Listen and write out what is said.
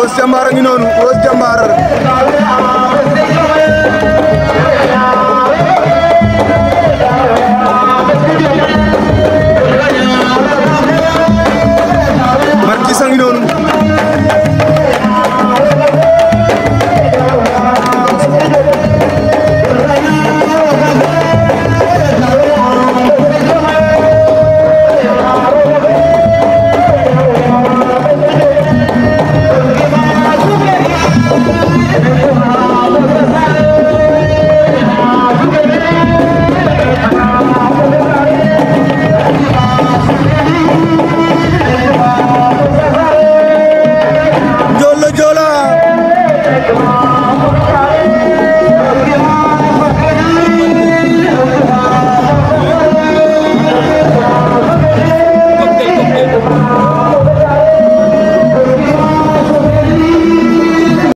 Rose Jambar a ngi noonu Rose Jambar